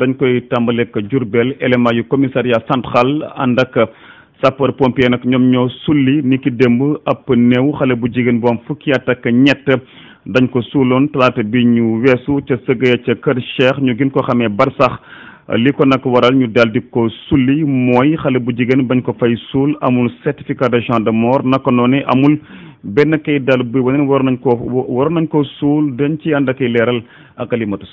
dañ koy tàmbaleek Jurbel élément yu commissariat central ànd ak sapeur pompier nag ñoom ñoo sulli ni ki démb ab néew xale bu jigéen bu am fukki at ak ñett dañ ko suuloon talaata bi ñu weesu ca sëgaya ca kër Cheikh ñu gën ko xamee barsax li ko nag waral ñu daal di ko sulli mooy xale bu jigéen bañ ko fay suul amul certificat de genre de mort naka noonu amul benn kayit daal bu waneen war nañ ko war nañ ko suul dañ ci ànd ak leeral ak Alimatu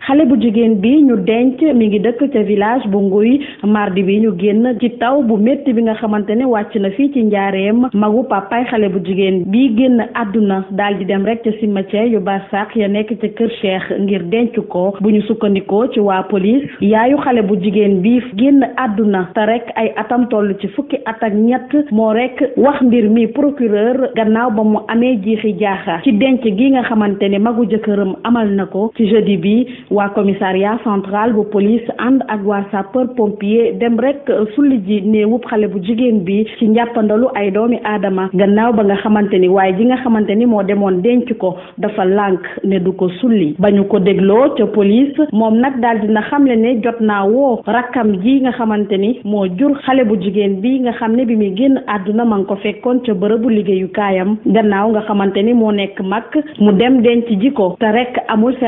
xale bu jigéen bi ñu denc mi ngi dëkk ca village bu nguy mardi bi ñu génn ci taw bu métti bi nga xamante ne wàcc na fii ci njaareem magu papaay xale bu jigéen bi génn àdduna daal di dem rek ca cimetière yu barsàq ya nekk ca kër cheikh ngir denc ko bu ñu sukkandikoo ci waa police yaayu xale bu jigéen bi génn àdduna te rek ay atam toll ci fukki at ak ñett moo rekk wax mbir mi procureur gannaaw ba mu amee jiixi jaaxa ci denc gi nga xamante ne magu jëkkëram amal na ko ko ci jeudi bi waa commissariat central bu police ànd ak waa sapeur pompier dem rek sulli ji néewub xale bu jigéen bi ci njàppandalu ay doomi aadama gannaaw ba nga xamante ni waaye ji nga xamante ni moo demoon denc ko dafa lànk ne du ko sulli ba ñu ko dégloo ca police moom nag daal dina xamle ne jot naa woo rakkam ji nga xamante ni moo jur xale bu jigéen bi nga xam ne bi muy génn àdduna ma ngi ko fekkoon ca bërëbu liggéeyukaayam gannaaw nga xamante ni moo nekk mag mu dem denc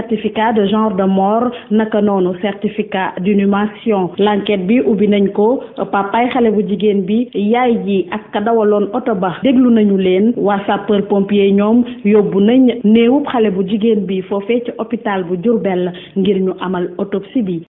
certificat de genre de mort naka noonu certificat d'inhumation l'enquête bi ubbi nañ ko papaay xale bu jigéen bi yaay yi ak ka dawaloon oto ba déglu nañu leen waa sapeur pompier ñoom yóbbu nañ néewub xale bu jigéen bi foofee ci hôpital bu Diourbel ngir ñu amal autopsie bi